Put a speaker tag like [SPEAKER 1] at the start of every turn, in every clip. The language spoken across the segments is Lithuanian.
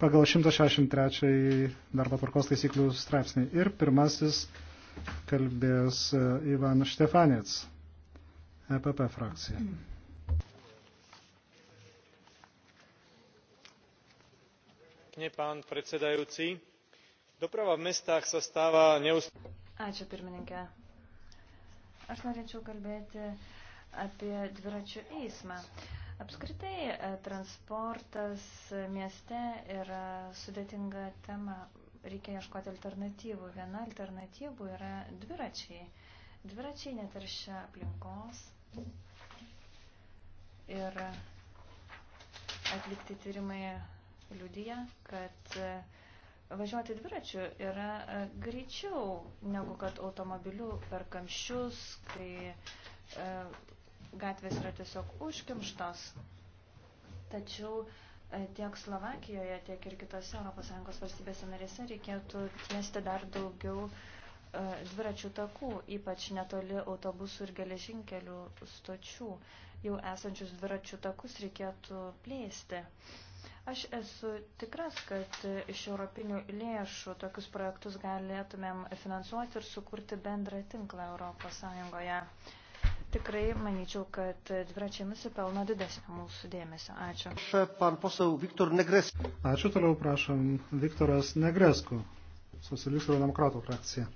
[SPEAKER 1] pagal 163 darbo tvarkos taisyklių straipsnį. Ir pirmasis kalbės e, Ivan Štefanec, EPP frakcija. Pán predsedajúci, doprava v mestách
[SPEAKER 2] sa stáva neustále.
[SPEAKER 3] Ačiū pirmininkė. Aš norėčiau kalbėti apie dviračių eismą. Uh, Apskritai e, transportas mieste yra sudėtinga tema. Reikia ieškoti alternatyvų. Viena alternatyvų yra dviračiai. Dviračiai netaršia aplinkos. Ir atlikti tyrimai liudyja, kad e, važiuoti dviračiu yra e, greičiau negu kad automobiliu per kamščius, kai gatvės yra tiesiog užkimštos. Tačiau e, tiek Slovakijoje, tiek ir kitose ES valstybėse narėse reikėtų tiesti dar daugiau e, dviračių takų, ypač netoli autobusų ir geležinkelių stočių. Jau esančius dviračių takus reikėtų plėsti. Aš esu tikras, kad iš europinių lėšų tokius projektus galėtumėm finansuoti ir sukurti bendrą tinklą Europos Sąjungoje. Tikrai manyčiau, kad dviračiai nusipelno didesnio mūsų dėmesio. Ačiū.
[SPEAKER 1] Ačiū toliau, prašom, Viktoras Negresku, socialistų ir demokratų frakcija.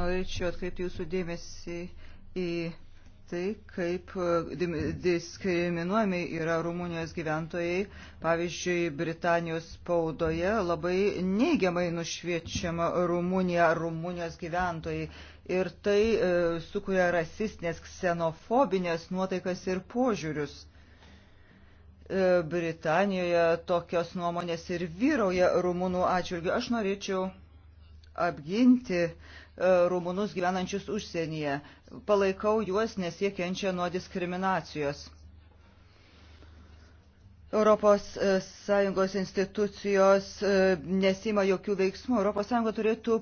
[SPEAKER 4] Norėčiau atkreipti jūsų dėmesį į tai, kaip e, diskriminuojami yra Rumunijos gyventojai. Pavyzdžiui, Britanijos spaudoje labai neigiamai nušviečiama Rumunija, Rumunijos gyventojai. Ir tai e, sukuria rasistinės, ksenofobinės nuotaikas ir požiūrius. E, Britanijoje tokios nuomonės ir vyrauja rumunų atžvilgių. Aš norėčiau apginti e, E, rumunus gyvenančius užsienyje. Palaikau juos, nes jie kenčia nuo diskriminacijos. Europos e, Sąjungos institucijos e, nesima jokių veiksmų. Europos Sąjunga turėtų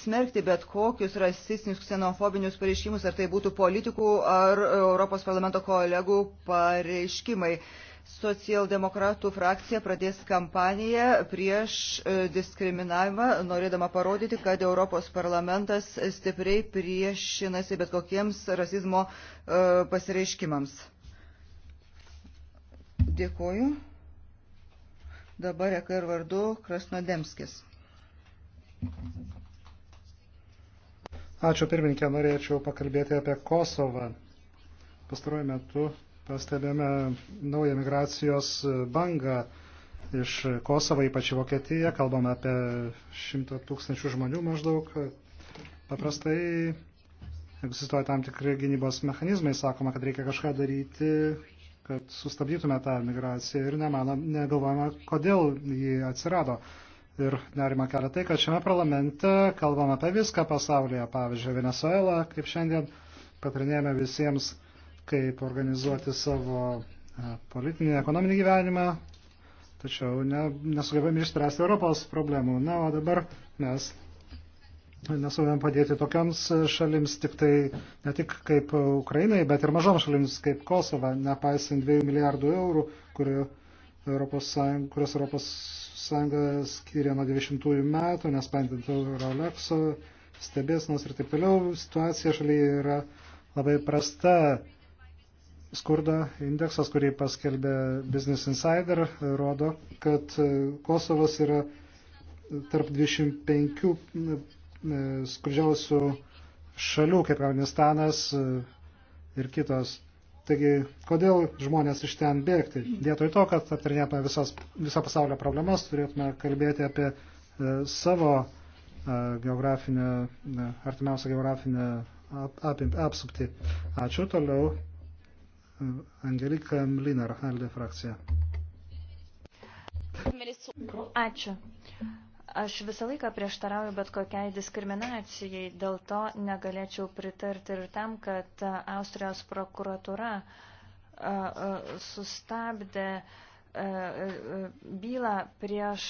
[SPEAKER 4] smerkti bet kokius rasistinius, ksenofobinius pareiškimus, ar tai būtų politikų ar Europos parlamento kolegų pareiškimai. Socialdemokratų frakcija pradės kampaniją prieš e, diskriminavimą, norėdama parodyti, kad Europos parlamentas stipriai priešinasi bet kokiems rasizmo e, pasireiškimams. Dėkuoju. Dabar EKR vardu Krasnodemskis.
[SPEAKER 1] Ačiū pirmininkė, norėčiau pakalbėti apie Kosovą. Pastaruoju metu pastebėjome naują migracijos bangą iš Kosovo, ypač į Vokietiją, kalbame apie šimtą tūkstančių žmonių maždaug. Paprastai egzistuoja tam tikri gynybos mechanizmai, sakoma, kad reikia kažką daryti, kad sustabdytume tą migraciją ir nemanom, negalvojame, kodėl ji atsirado. Ir nerima kelia tai, kad šiame parlamente kalbame apie viską pasaulyje, pavyzdžiui, Venezuelą, kaip šiandien patrinėjame visiems kaip organizuoti savo e, politinį, ekonominį gyvenimą, tačiau ne, nesugebėjome išspręsti Europos problemų. Na, o dabar mes nesugebėjome padėti tokiams šalims, tik tai, ne tik kaip Ukrainai, bet ir mažoms šalims kaip Kosova, nepaisant 2 milijardų eurų, kurių Europos Sąjung, kurios Europos Sąjunga skiria nuo 90-ųjų metų, nespendint Eurolexo, stebėsnos ir taip toliau, situacija šalyje yra labai prasta skurdo indeksas, kurį paskelbė Business Insider, rodo, kad e, Kosovas yra tarp 25 e, skurdžiausių šalių, kaip Afganistanas e, ir kitos. Taigi, kodėl žmonės iš ten bėgti? Vietoj to, kad aptarinėtume visas, viso pasaulio problemas, turėtume kalbėti apie savo geografinę, artimiausią geografinę ap, ap, apsupti. Ačiū toliau. Angelika Mlinar, Alde frakcija.
[SPEAKER 3] Ačiū. Aš visą laiką prieštarauju bet kokiai diskriminacijai, dėl to negalėčiau pritarti ir tam, kad Austrijos prokuratura sustabdė bylą prieš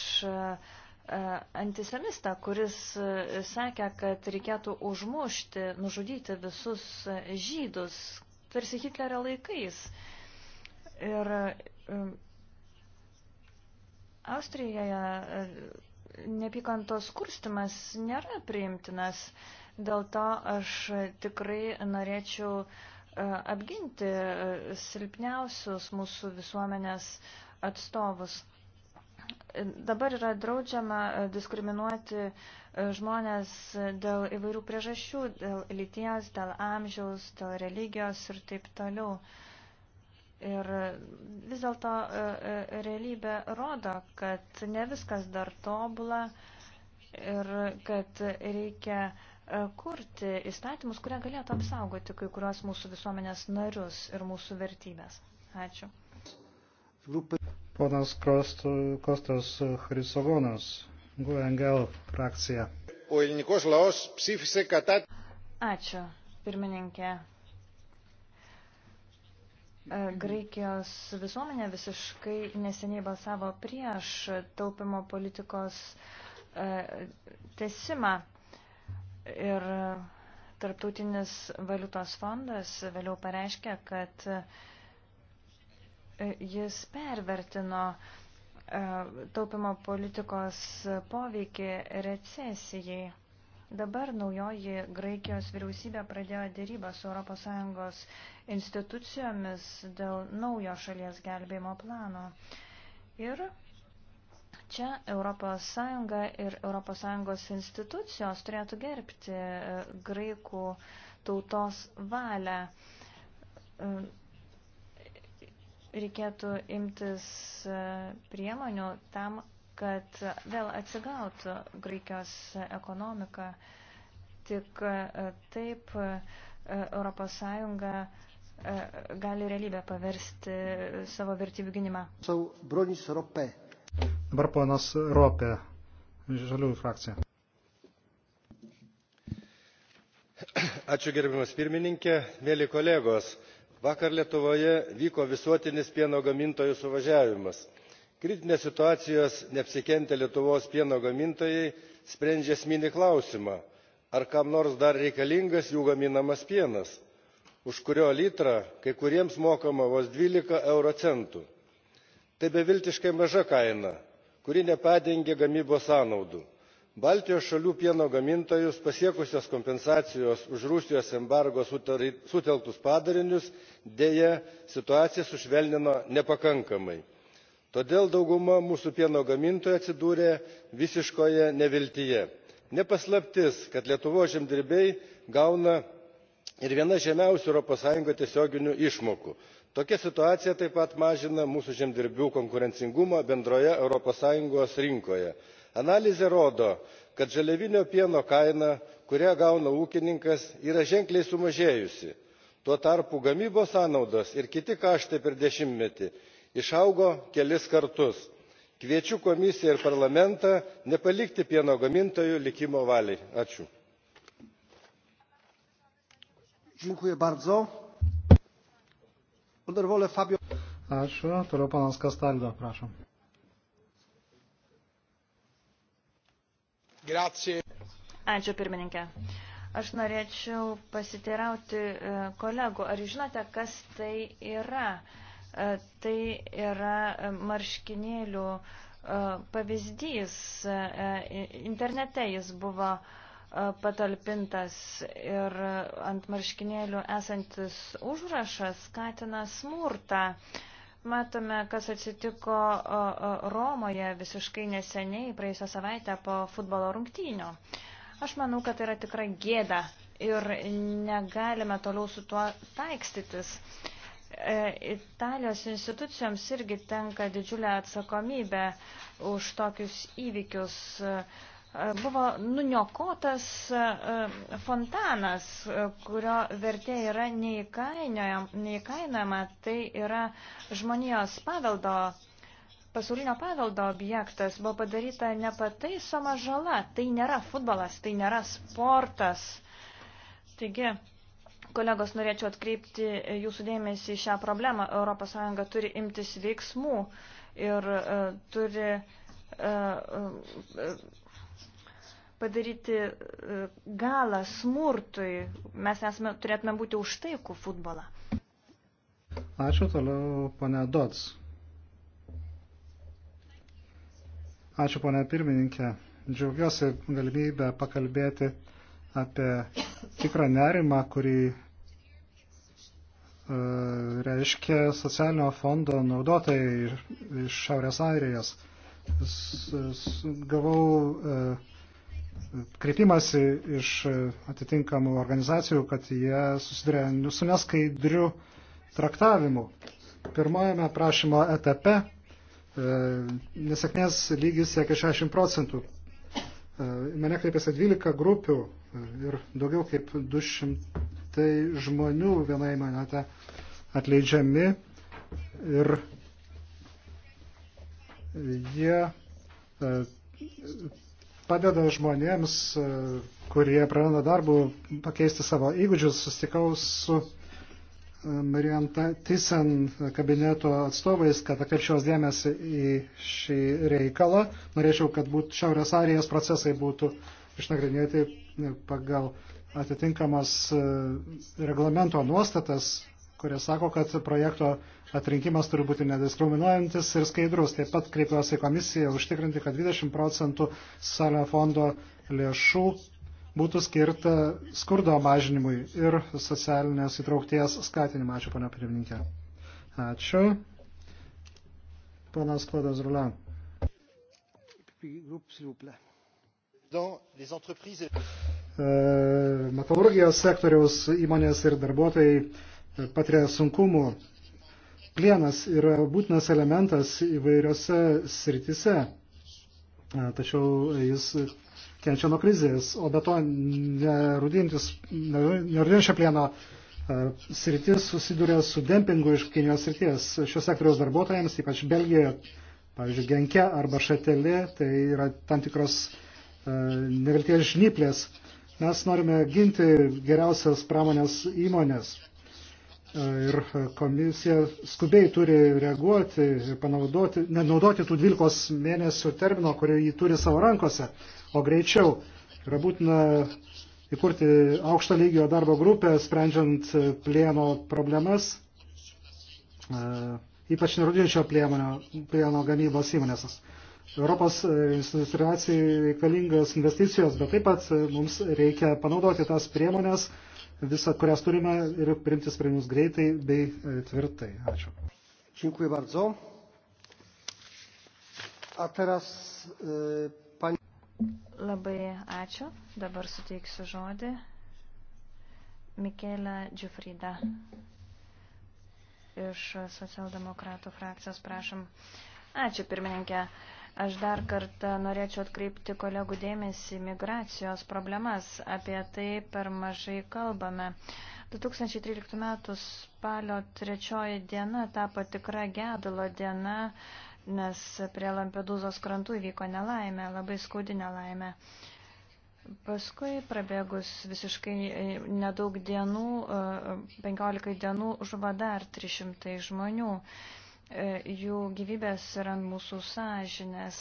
[SPEAKER 3] antisemistą, kuris sakė, kad reikėtų užmušti, nužudyti visus žydus, tarsi Hitlerio laikais. Ir um, Austrijoje uh, nepykantos kurstimas nėra priimtinas, dėl to aš tikrai norėčiau uh, apginti uh, silpniausius mūsų visuomenės atstovus. Dabar yra draudžiama e, diskriminuoti e, žmonės dėl įvairių priežasčių, dėl lyties, dėl amžiaus, dėl religijos ir taip toliau. Ir vis dėlto e, realybė rodo, kad ne viskas dar tobula ir kad reikia kurti įstatymus, kurie galėtų apsaugoti kai kurios mūsų visuomenės narius ir mūsų vertybės. Ačiū
[SPEAKER 1] ponas Kostas Hrisogonas, GUNGL e frakcija.
[SPEAKER 3] Ačiū, pirmininkė. E, Graikijos visuomenė visiškai neseniai balsavo prieš taupimo politikos e, tesimą ir Tarptautinis valiutos fondas vėliau pareiškė, kad E, jis pervertino e, taupimo politikos poveikį recesijai. Dabar naujoji Graikijos vyriausybė pradėjo dėrybą su ES institucijomis dėl naujo šalies gelbėjimo plano. Ir čia ES ir ES institucijos turėtų gerbti e, graikų tautos valią reikėtų imtis e, priemonių tam, kad vėl atsigautų Graikijos ekonomika. Tik e, taip ES e, gali realybę paversti savo vertybių gynimą.
[SPEAKER 2] Bronis Ropė. Dabar
[SPEAKER 1] ponas Ropė, Žaliųjų frakcija.
[SPEAKER 2] Ačiū gerbiamas pirmininkė, mėly kolegos vakar lietuvoje vyko visuotinis pieno gamintojų suvažiavimas. kritinės situacijos neapsikentę lietuvos pieno gamintojai sprendžia esminį klausimą ar kam nors dar reikalingas jų gaminamas pienas už kurio litrą kai kuriems mokama vos dvylika euro centų. tai beviltiškai maža kaina kuri nepadengia gamybos sąnaudų baltijos šalių pieno gamintojus pasiekusios kompensacijos už rusijos embargo sukeltus padarinius deja situaciją sušvelnino nepakankamai todėl dauguma mūsų pieno gamintojų atsidūrė visiškoje neviltyje. ne paslaptis kad lietuvos žemdirbiai gauna ir vienas žemiausių europos sąjungoje tiesioginių išmokų. tokia situacija taip pat mažina mūsų žemdirbių konkurencingumą bendroje europos sąjungos rinkoje analizė rodo kad žaliavinio pieno kaina kurią gauna ūkininkas yra ženkliai sumažėjusi tuo tarpu gamybos sąnaudos ir kiti kaštai per dešimtmetį išaugo kelis kartus. kviečiu komisiją ir parlamentą nepalikti pieno gamintojų likimo valiai. Ačiū.
[SPEAKER 1] Toliau panas Kastaldo, prašom.
[SPEAKER 2] Grazie.
[SPEAKER 3] Ačiū pirmininkė. Aš norėčiau pasiteirauti e, kolegų, ar žinote, kas tai yra? E, tai yra e, marškinėlių pavyzdys. Internete jis buvo patalpintas ir ant marškinėlių esantis užrašas skatina smurtą. Matome, kas atsitiko Romoje visiškai neseniai, praėjusią savaitę po futbolo rungtynių. Aš manau, kad tai yra tikra gėda ir negalime toliau su tuo taikstytis. E, Italijos institucijoms irgi tenka didžiulė atsakomybė už tokius įvykius. E, buvo nuniokotas e, fontanas, e, kurio vertė yra neįkainojama. Tai yra žmonijos paveldo, pasaulinio paveldo objektas. Buvo padaryta nepataisoma žala. Tai nėra futbolas, tai nėra sportas. Taigi, kolegos, norėčiau atkreipti jūsų dėmesį į šią problemą. ES turi imtis veiksmų ir uh, turi. Uh, uh, padaryti e, galą smurtui. Mes esame, turėtume būti už taikų futbolą.
[SPEAKER 1] Ačiū toliau, pane Dots. Ačiū, pane pirmininkė. Džiaugiuosi galimybę pakalbėti apie tikrą nerimą, kurį e, reiškia socialinio fondo naudotojai iš Šiaurės Airijos. Gavau uh, kreipimasi iš atitinkamų organizacijų, kad jie susiduria nu, su neskaidriu traktavimu. Pirmojame prašymo etape e, nesėkmės lygis siekia 60 procentų. E, mane kreipėsi 12 grupių e, ir daugiau kaip 200 žmonių vienai manete atleidžiami ir jie padeda žmonėms, e, kurie praranda darbų, pakeisti savo įgūdžius. Sustikau su e, Marianta Tysen kabineto atstovais, kad atkreipčiaus dėmesį į šį reikalą. Norėčiau, kad būtų Šiaurės Arijos procesai būtų išnagrinėti pagal atitinkamas e, reglamento nuostatas kurie sako, kad projekto atrinkimas turi būti nediskriminuojantis ir skaidrus. Taip pat kreipiuosi į komisiją užtikrinti, kad 20 procentų socialinio fondo lėšų būtų skirta skurdo mažinimui ir socialinės įtraukties skatinimui. Ačiū, pana pirmininkė. Ačiū. Ponas Klodas Rulan. E, metalurgijos sektoriaus įmonės ir darbuotojai patiria sunkumų. Plienas yra būtinas elementas įvairiose sritise, tačiau jis kenčia nuo krizės, o be to nerudintis, nerudinčia plieno sritis susiduria su dempingu iš Kinijos srities. Šios sektoriaus darbuotojams, ypač Belgijoje, pavyzdžiui, Genke arba Šatelė, tai yra tam tikros nevilties žnyplės. Mes norime ginti geriausias pramonės įmonės ir komisija skubiai turi reaguoti ir panaudoti, nenaudoti tų 12 mėnesių termino, kurį jį turi savo rankose, o greičiau. Yra būtina įkurti aukšto lygio darbo grupę, sprendžiant plieno problemas, e, ypač nerudinčio plieno, plieno gamybos įmonės. Europos institucijai reikalingas investicijos, bet taip pat mums reikia panaudoti tas priemonės, visą, kurias turime ir priimti sprendimus greitai bei e, tvirtai. Ačiū. Dziękuję bardzo. A teraz e, pani.
[SPEAKER 3] Labai ačiū. Dabar suteiksiu žodį Mikelė Džiufrida iš socialdemokratų frakcijos. Prašom. Ačiū pirmininkė. E, Aš dar kartą norėčiau atkreipti kolegų dėmesį migracijos problemas. Apie tai per mažai kalbame. 2013 m. spalio 3 diena tapo tikra gedulo diena, nes prie Lampedūzos krantų įvyko nelaimė, labai skaudi nelaimė. Paskui prabėgus visiškai e, nedaug dienų, 15 e, dienų žuvo dar 300 žmonių. E, jų gyvybės yra mūsų sąžinės.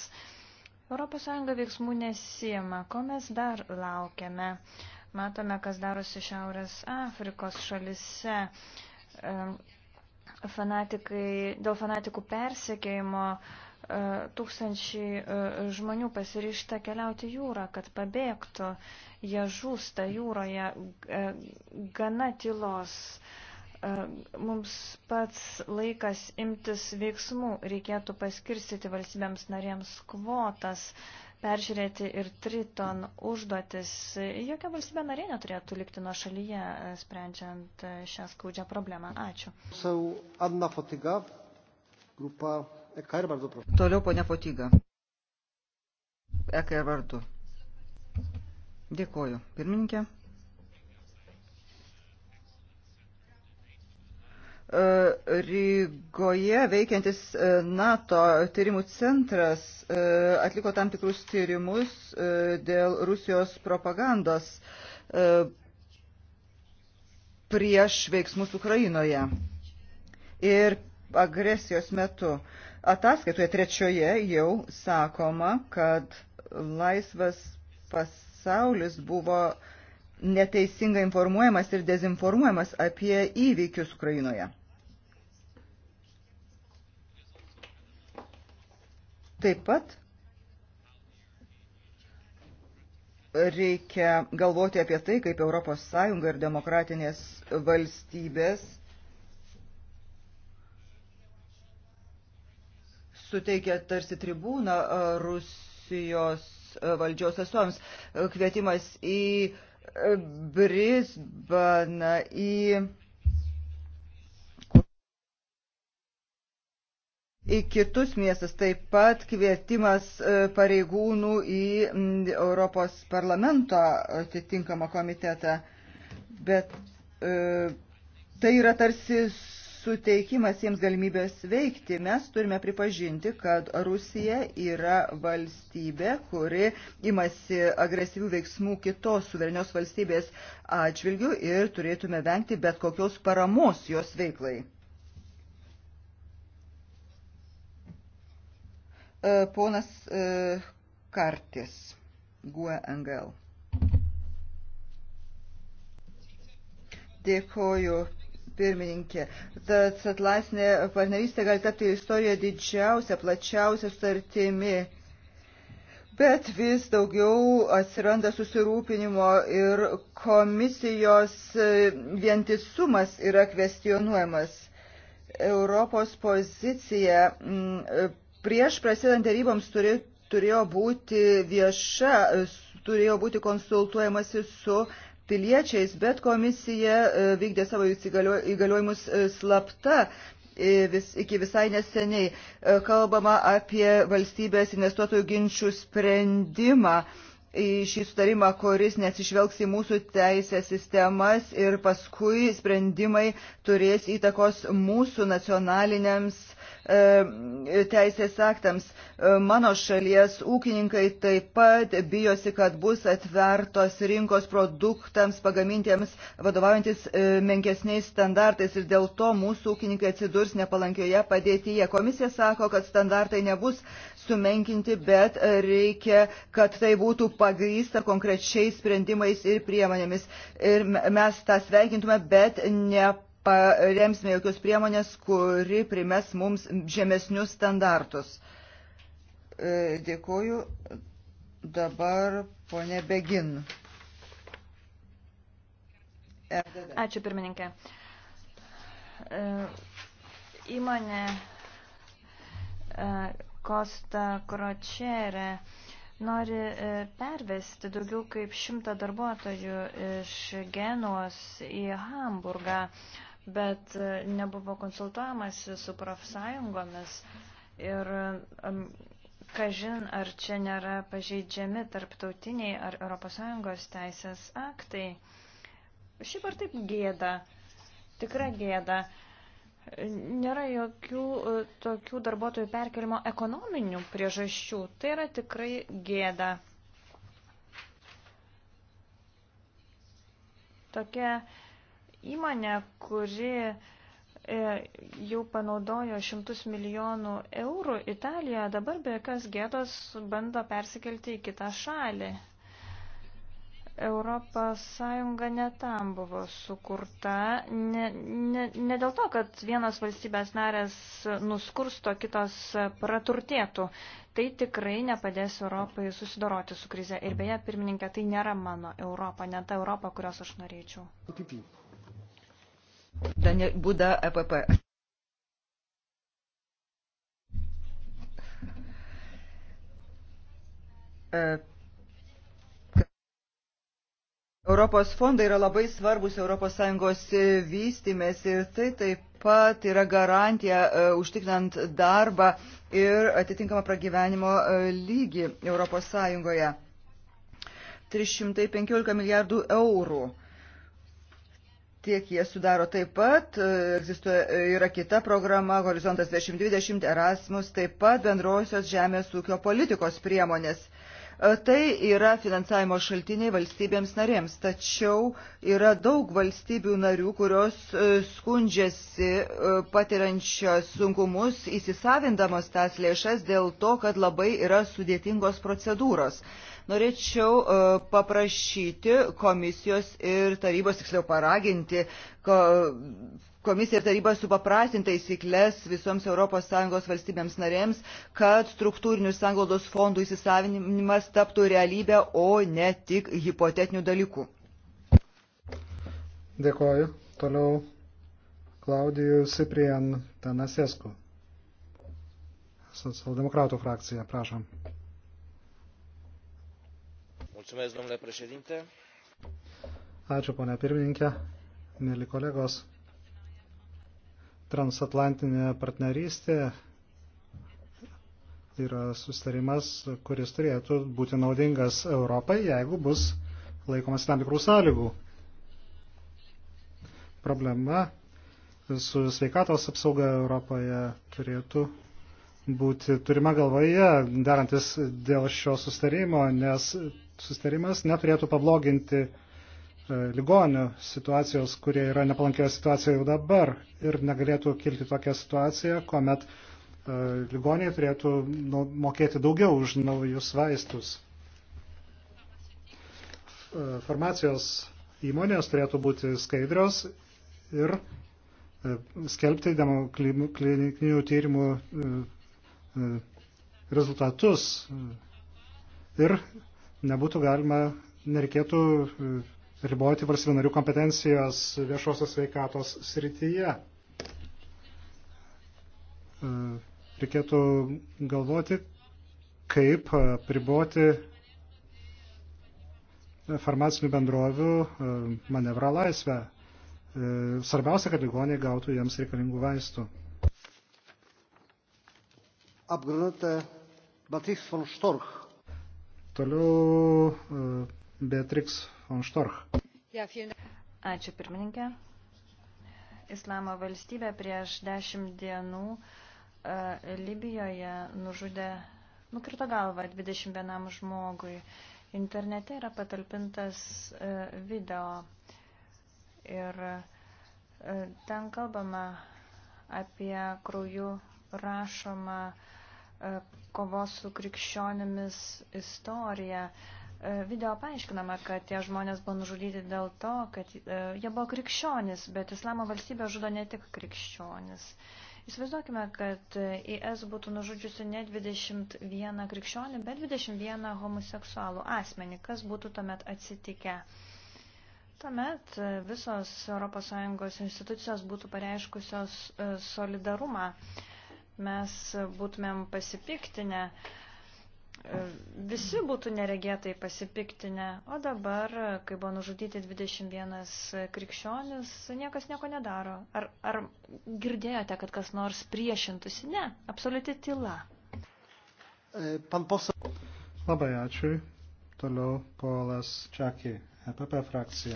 [SPEAKER 3] ES veiksmų nesijama. Ko mes dar laukiame? Matome, kas darosi Šiaurės Afrikos šalise. E, fanatikai, dėl fanatikų persekėjimo e, tūkstančiai žmonių pasiryšta keliauti jūrą, kad pabėgtų. Jie žūsta jūroje gana tylos. Uh, E, mums pats laikas imtis veiksmų. Reikėtų paskirstyti valstybėms narėms kvotas, peržiūrėti ir triton užduotis. Jokia valstybė narė neturėtų likti nuo šalyje, e, sprendžiant e, šią skaudžią
[SPEAKER 4] problemą. Ačiū. Toliau ponia Fotyga. EKR vardu. Dėkoju. Pirmininkė. E, Rygoje veikiantis e, NATO tyrimų centras e, atliko tam tikrus tyrimus dėl Rusijos propagandos prieš veiksmus Ukrainoje ir agresijos metu. Ataskaitoje trečioje jau sakoma, kad laisvas pasaulis buvo neteisingai informuojamas ir dezinformuojamas apie įvykius Ukrainoje. Taip pat reikia galvoti apie tai, kaip ES ir demokratinės valstybės suteikia tarsi tribūną Rusijos valdžios atstovams. Kvietimas į Brisbaną, į į kitus miestus, taip pat kvietimas e, pareigūnų į Europos parlamento atitinkamą komitetą. Bet e, tai yra tarsi suteikimas jiems galimybės veikti. Mes turime pripažinti, kad Rusija yra valstybė, kuri imasi agresyvių veiksmų kitos suverenios valstybės atžvilgių ir turėtume vengti bet kokios paramos jos veiklai. E, ponas e, Kartis, GUE NGL. Dėkoju pirmininkė. Transatlantinė partnerystė gali tapti istorijoje didžiausia, plačiausia sutartimi. Bet vis daugiau atsiranda susirūpinimo ir komisijos e, vientisumas yra kvestionuojamas. Europos pozicija prieš prasidant deryboms turi, turėjo būti vieša, turėjo būti konsultuojamasi su piliečiais, bet komisija e, vykdė savo įgaliojimus e, slapta e, vis, iki visai neseniai. Kalbama apie valstybės investuotojų ginčių sprendimą į šį sutarimą, kuris nesižvelgs į mūsų teisės sistemas ir paskui sprendimai turės įtakos mūsų nacionaliniams e, teisės aktams. E, mano šalies ūkininkai taip pat bijosi, kad bus atvertos rinkos produktams pagamintiems vadovaujantis e, menkesniais standartais ir dėl to mūsų ūkininkai atsidurs nepalankioje padėtyje. Komisija sako, kad standartai nebus sumenkinti, bet e, reikia, kad tai būtų pagrįsta konkrečiais sprendimais ir priemonėmis. Ir mes tą sveikintume, bet neparemsime jokios priemonės, kuri primes mums žemesnius standartus. E, Dėkuoju. Dabar ponė Begin.
[SPEAKER 3] E-, Ačiū pirmininkė. E, įmonė Kosta Kročerė nori e, pervesti daugiau kaip šimtą darbuotojų iš Genuos į Hamburgą, bet e, nebuvo konsultuojamasi su profsąjungomis ir kažin ar čia nėra pažeidžiami tarptautiniai ar ES teisės aktai. Šiaip ar taip gėda, tikra gėda. Nėra jokių e, tokių darbuotojų perkelimo ekonominių priežasčių. Tai yra tikrai gėda. Tokia įmonė, kuri e, jau panaudojo šimtus milijonų eurų Italijoje, dabar be jokios gėdos bando persikelti į kitą šalį. Europos Sąjunga netam buvo sukurta, ne, ne, ne dėl to, kad vienos valstybės narės nuskursto, kitos praturtėtų. Tai tikrai nepadės Europai susidoroti su krize. Ir beje, pirmininkė, tai nėra mano Europa, ne ta Europa, kurios aš norėčiau.
[SPEAKER 4] Būda EPP. E, e Europos fondai yra labai svarbus ES vystimės ir tai taip pat yra garantija uh, užtikrinant darbą ir atitinkamą pragyvenimo uh, lygį ES. 315 milijardų eurų. Tiek jie sudaro taip pat, e, egzistuoja, yra kita programa, Horizontas 2020, Erasmus, taip pat bendrosios žemės ūkio politikos priemonės. Uh, E, tai yra finansavimo šaltiniai valstybėms narėms, tačiau yra daug valstybių narių, kurios e, skundžiasi e, patiriančios sunkumus įsisavindamos tas lėšas dėl to, kad labai yra sudėtingos procedūros. Norėčiau e, paprašyti komisijos ir tarybos, tiksliau paraginti komisiją ir tarybą supaprastinti taisyklės visoms ES valstybėms narėms, kad struktūrinių sanglaudos fondų įsisavinimas taptų realybę, o ne tik hipotetinių dalykų.
[SPEAKER 1] Dėkuoju. Toliau Klaudijų Ciprian Tanasesku. Socialdemokratų frakcija, prašom.
[SPEAKER 3] Mulțumesc, domnule președinte.
[SPEAKER 1] Ačiū, ponia pirmininkė, mėly kolegos. Transatlantinė partnerystė yra sustarimas, kuris turėtų būti naudingas Europai, jeigu bus laikomas tam tikrų sąlygų. Problema su sveikatos apsauga Europoje turėtų būti turima galvoje, darantis dėl šio sustarimo, nes sustarimas neturėtų pabloginti e, ligonių situacijos, kurie yra nepalankioje situacijoje jau dabar ir negalėtų kilti tokia situacija, kuomet e, ligoniai turėtų mokėti daugiau už naujus vaistus.
[SPEAKER 2] E,
[SPEAKER 1] farmacijos įmonės turėtų būti skaidrios ir skelbti klinikinių tyrimų rezultatus ir nebūtų galima, nereikėtų e, riboti valstybių narių kompetencijos viešosios sveikatos srityje. E, reikėtų galvoti, kaip priboti farmacinių bendrovių e, manevrą laisvę. Svarbiausia, kad ligoniai gautų jiems reikalingų vaistų. Apgrunate Batis von Storch Toliau e, Beatrix von Storch.
[SPEAKER 3] Ačiū pirmininkė. Islamo valstybė prieš dešimt dienų e, Libijoje nužudė, nukrito galvą 21 žmogui. Internete yra patalpintas e, video ir ten kalbama apie krauju rašomą uh, E, kovos su krikščionėmis istoriją. E, video paaiškinama, kad tie žmonės buvo nužudyti dėl to, kad e, jie buvo krikščionis, bet islamo valstybė žudo ne tik krikščionis. Įsivaizduokime, kad IS būtų nužudžiusi ne 21 krikščionį, bet 21 homoseksualų asmenį. Kas būtų tuomet atsitikę? Tuomet visos ES institucijos būtų pareiškusios solidarumą. Uh, mes būtumėm pasipiktinę, visi būtų neregėtai pasipiktinę, o dabar, kai buvo nužudyti 21 krikščionis, niekas nieko nedaro. Ar, ar girdėjote, kad kas nors priešintųsi? Ne, absoliuti tyla.
[SPEAKER 1] E, Labai ačiū. Toliau Polas Čakį, EPP frakcija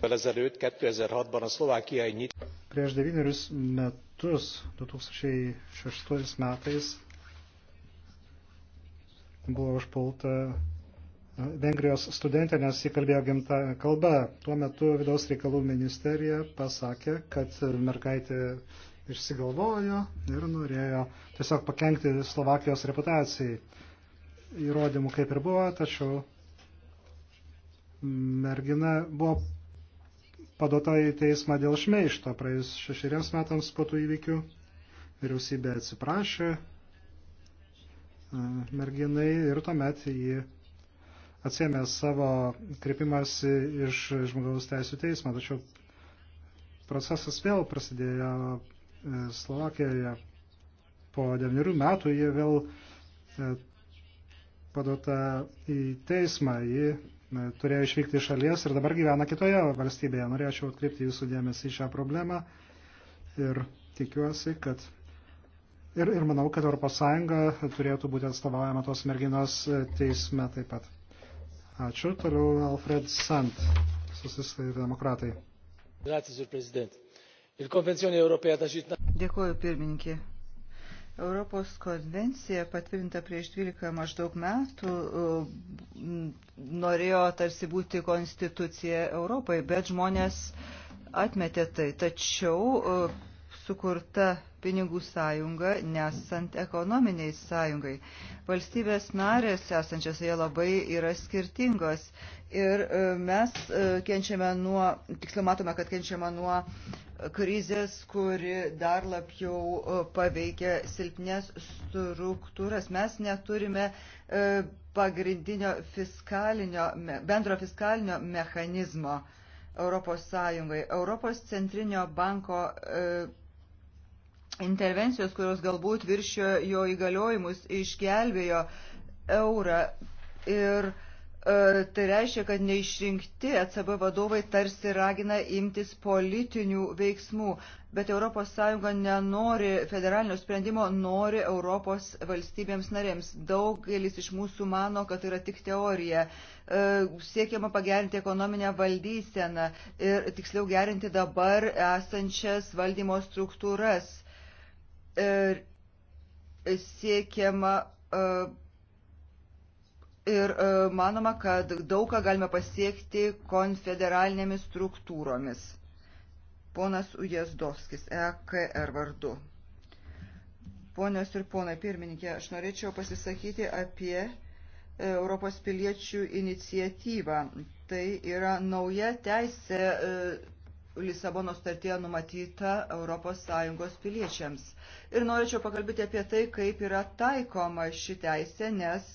[SPEAKER 1] évvel ezelőtt two thousand and six ban a szlovákiai nyit. prieš devynerius metus metus, 2006 metais, buvo užpulta e, Vengrijos studentė, nes jį kalbėjo gimta kalba. Tuo metu vidaus reikalų ministerija pasakė, kad mergaitė išsigalvojo ir norėjo tiesiog pakengti Slovakijos reputacijai. Įrodymų kaip ir buvo, tačiau mergina buvo padota į teismą dėl šmeišto. Praėjus šešeriems metams po tų įvykių vyriausybė atsiprašė e, merginai ir tuomet jį atsėmė savo kreipimąsi iš žmogaus teisų teismą. Tačiau procesas vėl prasidėjo e, Slovakijoje. Po devyniarių metų jie vėl e, padota į teismą. Ji E, turėjo išvykti iš šalies ir dabar gyvena kitoje valstybėje. Norėčiau atkreipti jūsų dėmesį į šią problemą ir tikiuosi, kad ir, ir manau, kad ES turėtų būti atstovaujama tos merginos teisme taip pat. Ačiū. Toliau Alfred Sant, susisai demokratai.
[SPEAKER 4] Dėkuoju pirmininkė. Europos konvencija patvirtinta prieš 12 maždaug metų uh, norėjo tarsi būti konstitucija Europai, bet žmonės atmetė tai. Tačiau uh, sukurta pinigų sąjunga, nesant ekonominiai sąjungai. Valstybės narės esančios joje labai yra skirtingos ir e, mes e, kenčiame nuo, tiksliau matome, kad kenčiame nuo krizės, kuri dar labiau e, paveikia silpnės struktūras. Mes neturime pagrindinio fiskalinio, bendro fiskalinio mechanizmo. Europos Sąjungai. Europos centrinio banko e, intervencijos, kurios galbūt viršio jo įgaliojimus, išgelbėjo eurą. Ir e, tai reiškia, kad neišrinkti ECB vadovai tarsi ragina imtis politinių veiksmų, bet ES nenori federalinio sprendimo, nori Europos valstybėms narėms. Daugelis iš mūsų mano, kad tai yra tik teorija. E, siekiama pagerinti ekonominę valdyseną ir tiksliau gerinti dabar esančias valdymo struktūras siekiama e, ir e, manoma, kad daug ką galime pasiekti konfederalinėmis struktūromis. Ponas Ujazdovskis, EKR vardu. Ponios ir ponai pirmininkė, aš norėčiau pasisakyti apie e, Europos piliečių iniciatyvą. Tai yra nauja teisė Lisabono startyje numatyta ES piliečiams. Ir norėčiau pakalbėti apie tai, kaip yra taikoma ši teisė, nes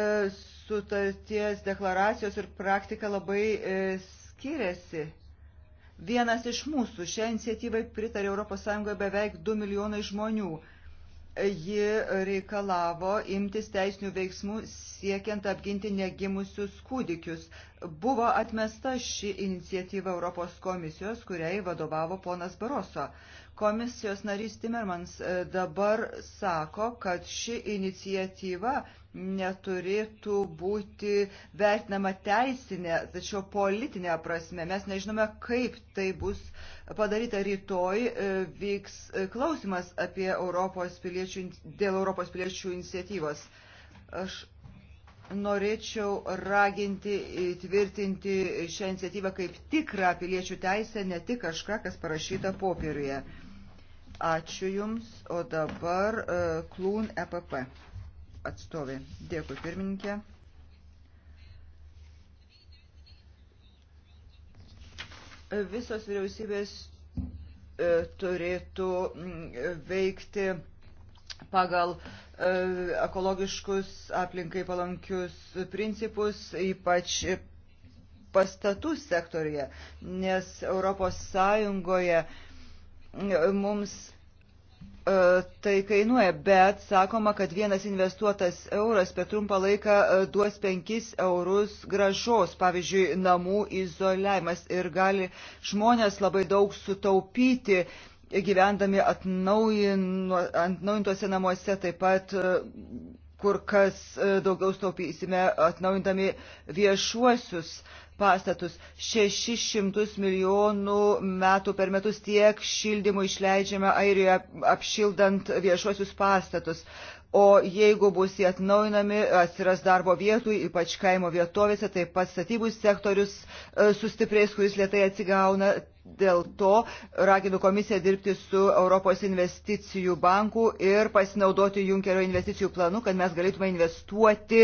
[SPEAKER 4] e, sutarties deklaracijos ir praktika labai e, skiriasi. Vienas iš mūsų šią iniciatyvą pritarė ES beveik 2 milijonai žmonių ji reikalavo imtis teisinių veiksmų siekiant apginti negimusius kūdikius. Buvo atmesta ši iniciatyva Europos komisijos, kuriai vadovavo ponas Baroso. Komisijos narys Timmermans e, dabar sako, kad ši iniciatyva neturėtų būti vertinama teisinė, tačiau politinė prasme. Mes nežinome, kaip tai bus padaryta rytoj. E, vyks e, klausimas apie Europos piliečių, dėl Europos piliečių iniciatyvos. Aš norėčiau raginti įtvirtinti šią iniciatyvą kaip tikrą piliečių teisę, ne tik kažką, kas parašyta popieriuje. Ačiū Jums, o dabar uh, Klūn EPP atstovė. Dėkui pirmininkė. Visos vyriausybės e, turėtų mm, veikti pagal e, ekologiškus aplinkai palankius principus, ypač pastatų sektorija, nes Europos Sąjungoje mums E, tai kainuoja, bet sakoma, kad vienas investuotas euras per trumpą laiką e, duos 5 eurus gražos, pavyzdžiui, namų izoliavimas ir gali žmonės labai daug sutaupyti gyvendami atnaujintuose namuose, taip pat e, kur kas e, daugiau staupysime atnaujindami viešuosius pastatus. 600 milijonų metų per metus tiek šildymų išleidžiame Airijoje apšildant viešuosius pastatus. O jeigu bus jie atnaujinami, atsiras darbo vietų, ypač kaimo vietovėse, taip pat statybų sektorius e, sustiprės, kuris lietai atsigauna, Dėl to raginu komisiją dirbti su Europos investicijų banku ir pasinaudoti Junkerio investicijų planu, kad mes galėtume investuoti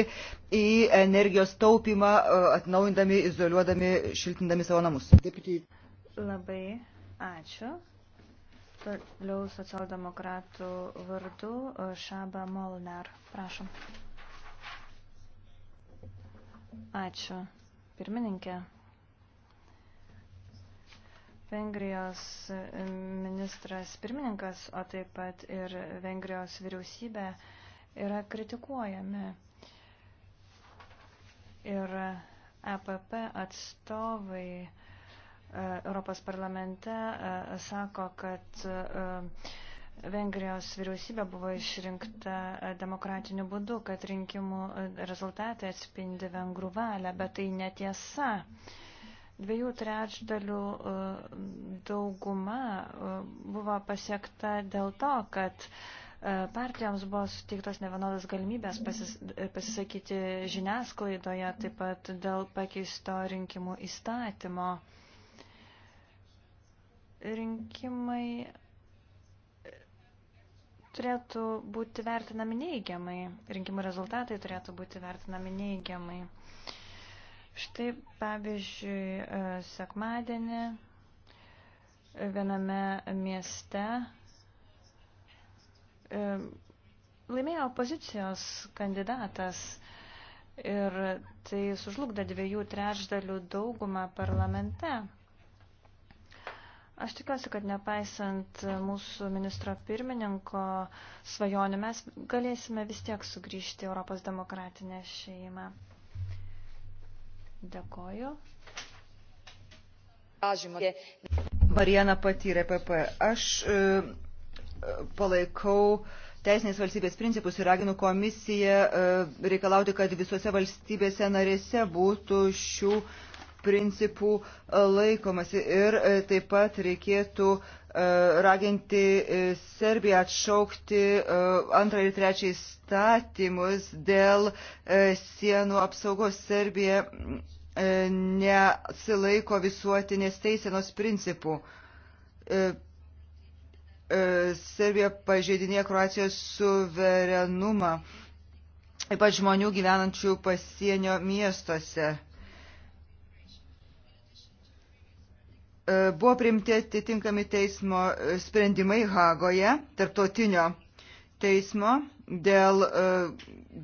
[SPEAKER 4] į energijos taupimą, e, atnaujindami, izoliuodami, šiltindami savo namus. Labai
[SPEAKER 3] ačiū. Toliau socialdemokratų vardu e, Šaba Molnar. Prašom. Ačiū. Pirmininkė. Vengrijos ministras pirmininkas, o taip pat ir Vengrijos vyriausybė yra kritikuojami. Ir EPP atstovai e, Europos parlamente e, sako, kad e, Vengrijos vyriausybė buvo išrinkta demokratiniu būdu, kad rinkimų rezultatai atspindi vengrų valią, bet tai netiesa. Dviejų trečdalių e, dauguma e, buvo pasiekta dėl to, kad e, partijoms buvo suteiktos nevienodas galimybės pasis, pasisakyti žiniasklaidoje, taip pat dėl pakeisto rinkimų įstatymo. Rinkimai turėtų būti vertinami neigiamai, rinkimų rezultatai turėtų būti vertinami neigiamai. Uh, Štai pavyzdžiui, e, sekmadienį viename mieste e, laimėjo opozicijos kandidatas ir tai sužlugda dviejų trečdalių daugumą parlamente. Aš tikiuosi, kad nepaisant mūsų ministro pirmininko svajonių, mes galėsime vis tiek sugrįžti Europos demokratinę šeimą. Dėkoju.
[SPEAKER 4] Marijana patyrė PP. Aš e, palaikau teisinės valstybės principus ir raginu komisiją e, reikalauti, kad visose valstybėse narėse būtų šių principų laikomasi ir e, taip pat reikėtų E, raginti e, Serbiją atšaukti e, antrą ir trečią įstatymus dėl sienų apsaugos. Serbija nesilaiko visuotinės teisėnos principų. Serbija pažeidinėja Kroacijos suverenumą, ypač žmonių gyvenančių pasienio miestuose. E, buvo primti atitinkami teismo e, sprendimai Hagoje, tarptautinio teismo dėl e,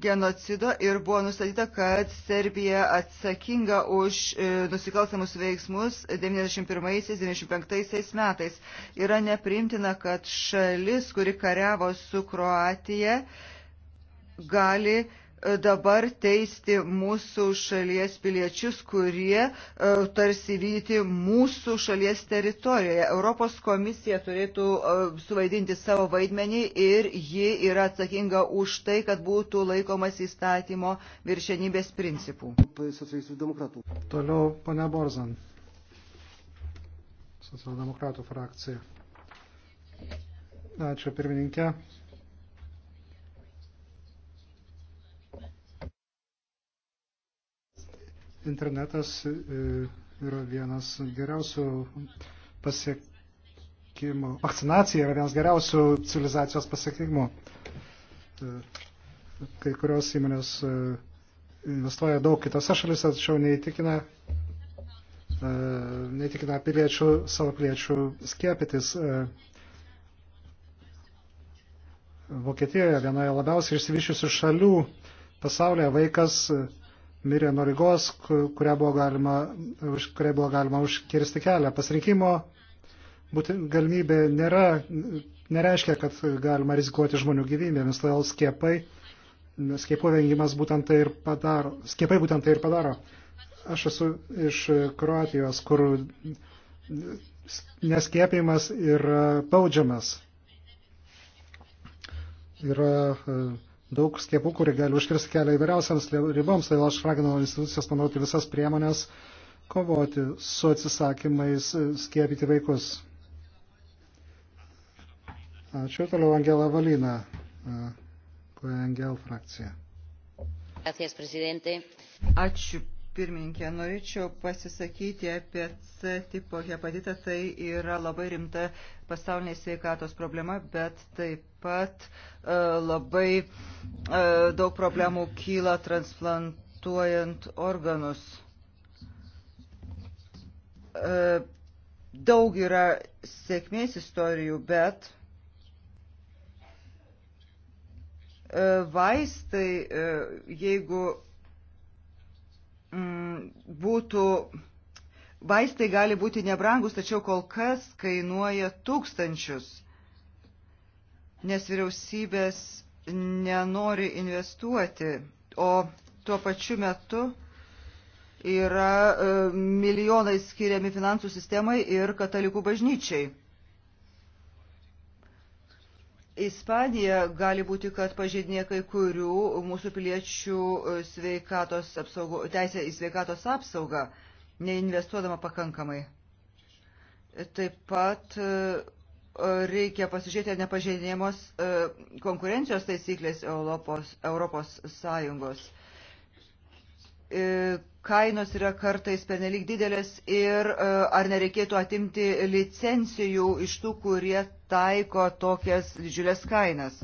[SPEAKER 4] genocido ir buvo nustatyta, kad Serbija atsakinga už nusikalstamus veiksmus 91-95 metais. Yra nepriimtina, kad šalis, kuri kariavo su Kroatija, gali uh, dabar teisti mūsų šalies piliečius, kurie e, tarsi vyti mūsų šalies teritorijoje. Europos komisija turėtų e, suvaidinti savo vaidmenį ir ji yra atsakinga už tai, kad būtų laikomas įstatymo viršenybės principų.
[SPEAKER 1] Toliau pane Borzan, socialdemokratų frakcija. Ačiū pirmininkė. internetas e, yra vienas geriausių pasiekimų. Vakcinacija yra vienas geriausių civilizacijos pasiekimų. E, kai kurios įmonės e, investuoja daug kitose šalise, tačiau neįtikina, neįtikina piliečių, savo piliečių skiepytis. Vokietijoje vienoje labiausiai išsivyščiusių šalių pasaulyje vaikas mirė nuo lygos, kurią buvo galima, kurią buvo galima užkirsti kelią. Pasirinkimo būti, galimybė nėra, nereiškia, kad galima rizikuoti žmonių gyvybėmis, todėl skiepai, skiepų vengimas būtent tai ir padaro. Skiepai būtent tai ir padaro. Aš esu iš Kroatijos, kur neskiepimas yra baudžiamas. Yra uh, daug skiepų, kurie gali užkirsti kelią įvairiausiams riboms, todėl tai aš raginau institucijas panaudoti visas priemonės kovoti su atsisakymais e, skiepyti vaikus. Ačiū toliau Angela Valina, Angel e, frakcija.
[SPEAKER 4] Gracias, presidente. Ačiū, pirmininkė. Norėčiau pasisakyti apie C tipo hepatitą. Tai yra labai rimta pasaulinė sveikatos problema, bet taip pat e, labai e, daug problemų kyla transplantuojant organus. E, daug yra sėkmės istorijų, bet e, vaistai, e, jeigu Mm, būtų, vaistai gali būti nebrangus, tačiau kol kas kainuoja tūkstančius, nes vyriausybės nenori investuoti, o tuo pačiu metu yra e, milijonai skiriami finansų sistemai ir katalikų bažnyčiai. Ispanija gali būti, kad pažeidinė kai kurių mūsų piliečių e, sveikatos apsaugo, teisę į sveikatos apsaugą, neinvestuodama pakankamai. Taip pat e, reikia pasižiūrėti, ar nepažeidinėjamos e, konkurencijos taisyklės Europos, Europos Sąjungos. E, kainos yra kartais pernelyg didelės ir e, ar nereikėtų atimti licencijų iš tų, kurie taiko tokias didžiulės kainas.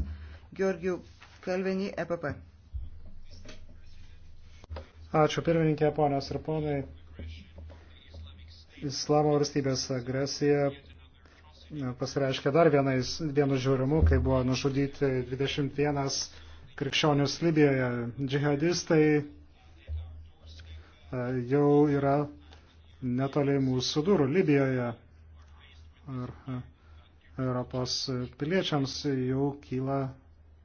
[SPEAKER 4] Georgijų Kalvenį, EPP.
[SPEAKER 1] Ačiū pirmininkė, ponios ir ponai. Islamo valstybės agresija pasireiškia dar vienais, vienu žiūrimu, kai buvo nužudyti 21 krikščionius Libijoje. Džihadistai E, jau yra netoliai mūsų durų Libijoje. Ir e, Europos piliečiams jau kyla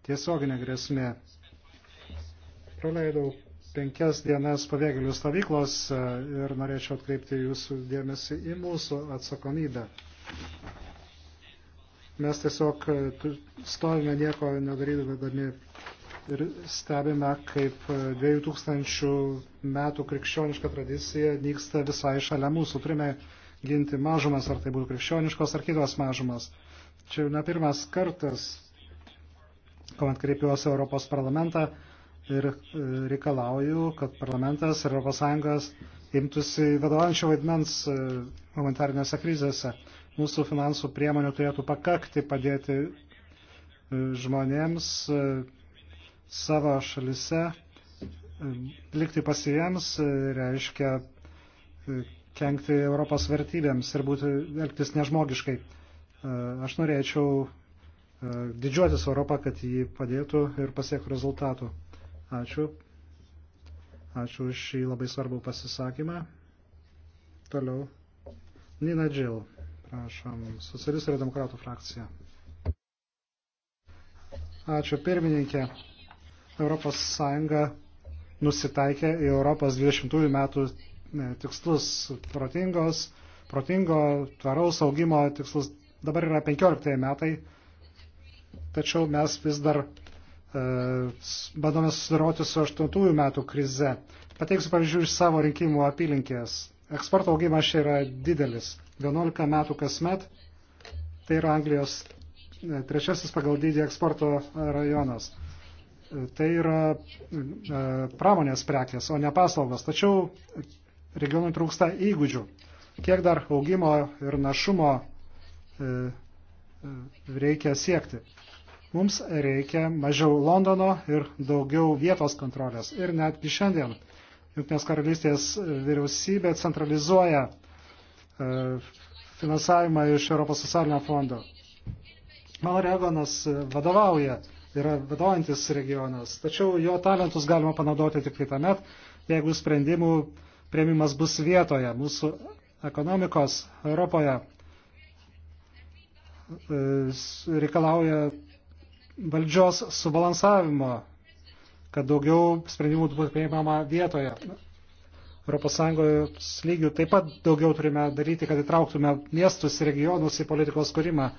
[SPEAKER 1] tiesioginė grėsmė. Praleidau penkias dienas pabėgėlių stovyklos e, ir norėčiau atkreipti jūsų dėmesį į mūsų atsakomybę. Mes tiesiog stovime nieko nedarydami ir stebime, kaip 2000 metų krikščioniška tradicija nyksta visai šalia mūsų. Turime ginti mažumas, ar tai būtų krikščioniškos ar kitos mažumas. Čia jau ne pirmas kartas, kuomet kreipiuosi Europos parlamentą ir e, reikalauju, kad parlamentas ir Europos Sąjungas imtųsi vadovaujančio vaidmens e, humanitarinėse krizėse. Mūsų finansų priemonių turėtų pakakti padėti e, žmonėms savo šalise e, likti pasiviems e, reiškia e, kenkti Europos vertybėms ir būti, elgtis nežmogiškai. Aš norėčiau didžiuotis Europą, kad jį padėtų ir pasiektų rezultatų. Ačiū. Ačiū už šį labai svarbų pasisakymą. Toliau. Nina Džil, prašom, socialistų ir demokratų frakcija. Ačiū pirmininkė. Europos Sąjunga nusitaikė į Europos 20 metų e, tikslus protingos, protingo, tvaraus augimo tikslus. Dabar yra 15 metai, tačiau mes vis dar e, bandome susidaroti su 8 metų krize. Pateiksiu pavyzdžių iš savo rinkimų apylinkės. Eksporto augimas čia yra didelis. 11 metų kasmet. Tai yra Anglijos e, trečiasis pagal dydį eksporto rajonas tai yra e, pramonės prekės, o ne paslaugos. Tačiau regionui trūksta įgūdžių. Kiek dar augimo ir našumo e, e, reikia siekti? Mums reikia mažiau Londono ir daugiau vietos kontrolės. Ir netgi šiandien Junktinės karalystės vyriausybė centralizuoja finansavimą iš Europos socialinio fondo. Mano Reaganas vadovauja yra vadovantis regionas. Tačiau jo talentus galima panaudoti tik tai tamet, jeigu sprendimų prieimimas bus vietoje. Mūsų ekonomikos Europoje reikalauja valdžios subalansavimo, kad daugiau sprendimų būtų priimama vietoje. ES lygių taip pat daugiau turime daryti, kad įtrauktume miestus ir regionus į politikos kūrimą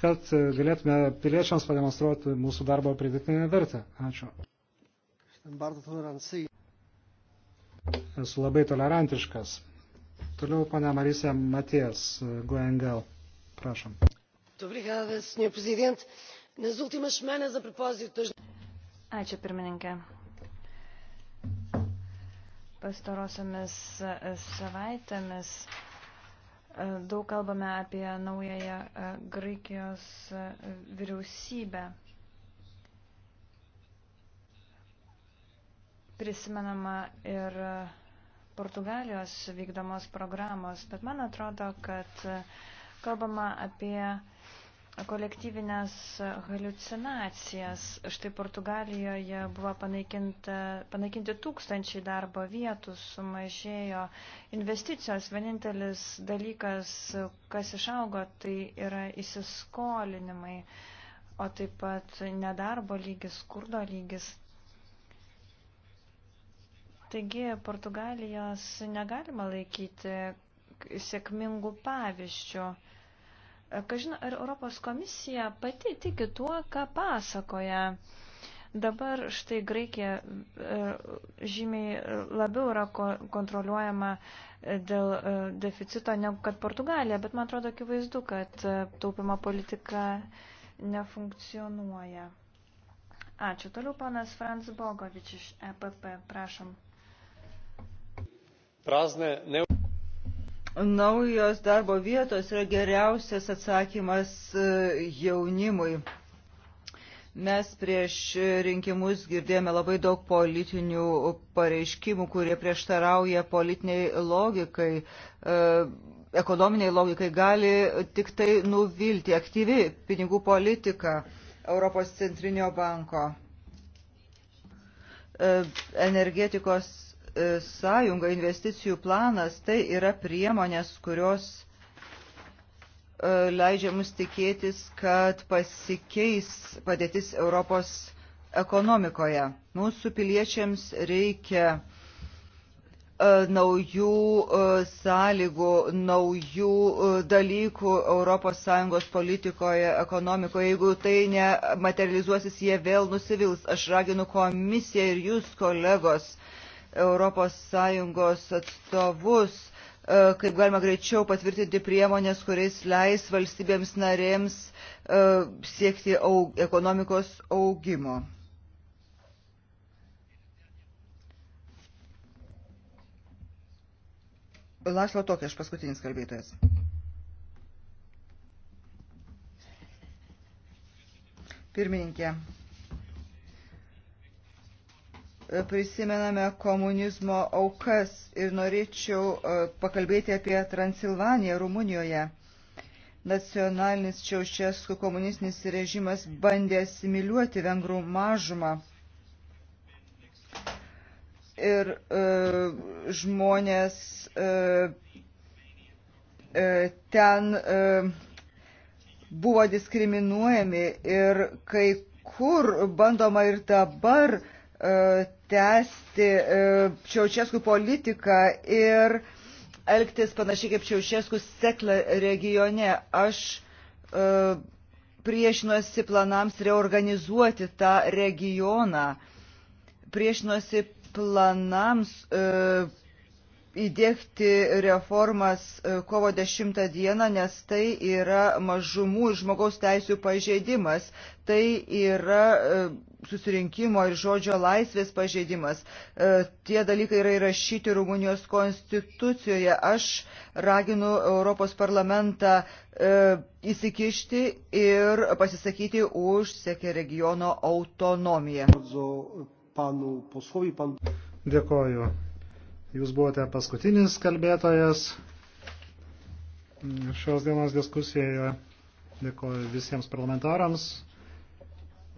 [SPEAKER 1] kad galėtume piliečiams pademonstruoti mūsų darbo pridėtinę vertę. Ačiū. Esu labai tolerantiškas. Toliau, pana Marisa Matijas, Goengal.
[SPEAKER 3] Prašom.
[SPEAKER 4] Obrigada, senhor presidente. Nas últimas semanas, a propósito das...
[SPEAKER 3] Ačiū, pirmininkė. Pastarosiamis savaitėmis Daug kalbame apie naująją e, Graikijos e, vyriausybę. Prisimenama ir e, Portugalijos vykdomos programos, bet man atrodo, kad kalbama apie kolektyvinės haliucinacijas. Štai Portugalijoje buvo panaikinti tūkstančiai darbo vietų, sumažėjo investicijos. Vienintelis dalykas, kas išaugo, tai yra įsiskolinimai, o taip pat nedarbo lygis, skurdo lygis. Taigi Portugalijos negalima laikyti sėkmingų pavyzdžių. E, kažin, ar Europos komisija pati tiki tuo, ką pasakoja. Dabar štai Graikija e, žymiai labiau yra kontroliuojama e, dėl deficito negu kad Portugalija, bet man atrodo akivaizdu, kad taupimo politika nefunkcionuoja. Ačiū. Toliau panas Franz Bogovič iš EPP. Prašom.
[SPEAKER 4] Prazne, ne... Naujos darbo vietos yra geriausias atsakymas e, jaunimui. Mes prieš rinkimus girdėjome labai daug politinių pareiškimų, kurie prieštarauja politiniai logikai, e, ekonominiai logikai, gali tik tai nuvilti aktyvi pinigų politika Europos centrinio banko e, energetikos E, sąjunga, investicijų planas, tai yra priemonės, kurios e, leidžia mus tikėtis, kad pasikeis padėtis Europos ekonomikoje. Mūsų piliečiams reikia e, naujų sąlygų, naujų dalykų ES politikoje, ekonomikoje. Jeigu tai nematerializuosis, jie vėl nusivils. Aš raginu komisiją ir jūs, kolegos, uh, ES atstovus, e, kaip galima greičiau patvirtinti priemonės, kuriais leis valstybėms narėms e, siekti aug, ekonomikos augimo. Laslo Tokieš, paskutinis kalbėtojas. Pirmininkė, E, prisimename komunizmo aukas ir norėčiau e, pakalbėti apie Transilvaniją Rumunijoje. Nacionalinis Čiaušeskų komunistinis režimas bandė asimiliuoti vengrų mažumą. Ir e, žmonės e, e, ten e, buvo diskriminuojami ir kai kur bandoma ir dabar e, E, tęsti Čiaučeskų e, politiką ir elgtis panašiai kaip Čiaušeskus Sekla regione. Aš e, priešinuosi planams reorganizuoti tą regioną, priešinuosi planams e, įdėkti reformas e, kovo 10 dieną, nes tai yra mažumų ir žmogaus teisų pažeidimas. Tai yra e, susirinkimo ir žodžio laisvės pažeidimas. E, tie dalykai yra įrašyti Rumunijos konstitucijoje. Aš raginu Europos parlamentą e, įsikišti ir pasisakyti už sėkė regiono autonomiją. Dėkoju. Jūs
[SPEAKER 1] buvote paskutinis kalbėtojas šios dienos diskusijoje. Dėkoju visiems parlamentarams.